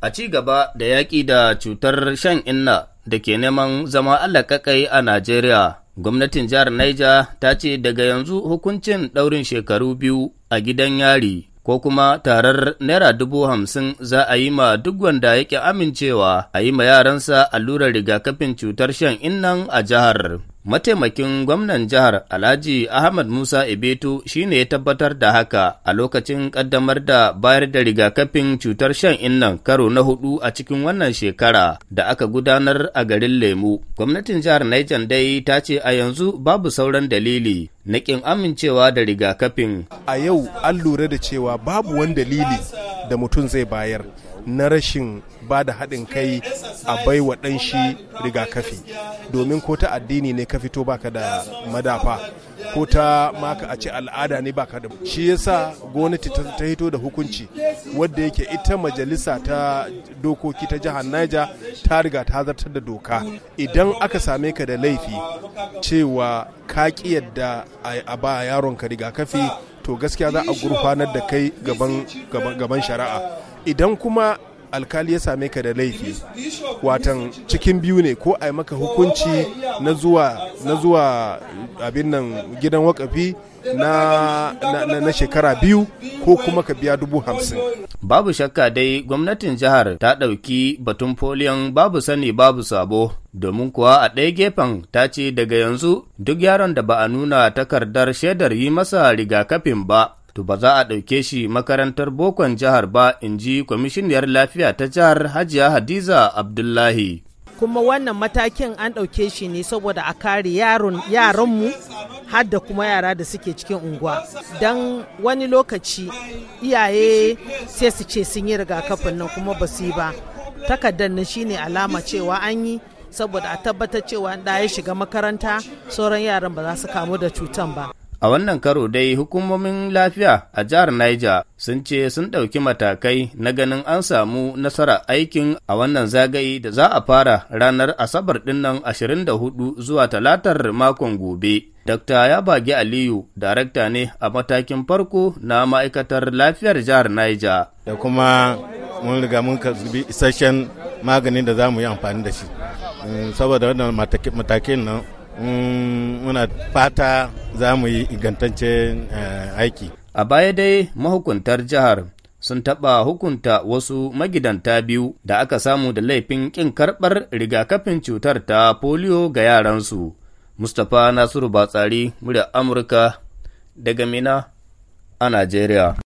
A ci gaba da yaƙi da cutar shan inna da ke neman zama kakai a Najeriya, gwamnatin jihar Niger ta ce daga yanzu hukuncin ɗaurin shekaru biyu a gidan yari ko kuma tarar naira dubu hamsin za a yi ma duk wanda yake amincewa a yi ma yaransa allurar rigakafin cutar shan innan a jihar. Mataimakin gwamnan jihar Alhaji Ahmad Musa Ebeto shi ne ya tabbatar da haka a lokacin ƙaddamar da bayar da rigakafin cutar shan innan karo na hudu a cikin wannan shekara da aka gudanar a garin Lemu. Gwamnatin jihar Niger dai ta ce a yanzu babu sauran dalili na ƙin amincewa da rigakafin. A yau an lura da cewa babu wani dalili da mutum zai bayar na rashin ba da haɗin kai a baiwa wa ɗan shi rigakafi domin ko ta addini ne ka fito baka da madafa ko ta maka a ce al'ada ne baka da shi yasa gwamnati ta hito da hukunci wadda yake ita majalisa ta dokoki ta jihar Niger ta riga ta zartar da doka idan aka same ka da laifi cewa ka ƙi yadda a ba yaronka rigakafi to gaskiya za a gurfanar da kai gaban shari'a idan kuma alkali ya same ka da laifi watan cikin biyu ne ko a yi maka hukunci na zuwa na zuwa abin nan gidan wakafi na, na shekara biyu ko kuma ka biya dubu hamsin. Babu shakka dai gwamnatin jihar ta ɗauki batun foliyon babu sani babu sabo domin kuwa a ɗaya gefen ta ce daga yanzu duk yaron da ba a nuna takardar shaidar yi masa rigakafin ba to ba za a ɗauke shi makarantar bokon jihar ba in ji kwamishiniyar lafiya ta jihar hajiya hadiza abdullahi kuma wannan matakin an ɗauke shi ne saboda a kare yaranmu har da kuma yara da suke cikin unguwa don wani lokaci iyaye sai su ce sun yi rigakafin nan kuma ba su yi ba takardar nan shine alama cewa an yi saboda a tabbatar cewa ɗaya shiga makaranta sauran yaran ba za su kamu da cutan ba A wannan karo dai hukumomin lafiya a jihar Niger sun ce sun ɗauki matakai na ganin an samu nasara aikin a wannan zagaye da za a fara ranar Asabar ɗinnan 24 zuwa talatar makon gobe. Dr. Yabagi Aliyu, darakta ne a matakin farko na ma'aikatar lafiyar jihar Niger. Da kuma mun riga mun bi isasshen maganin da za mu yi amfani da shi. Mm, saboda wannan matakin nan Mm, muna fata za mu yi ingantaccen eh, aiki. A baya dai mahukuntar jihar sun taɓa hukunta wasu magidanta biyu da aka samu da laifin ƙin karɓar rigakafin cutar ta polio ga yaransu. Mustapha Nasiru Batsari, murya Amurka, daga Mina a Najeriya.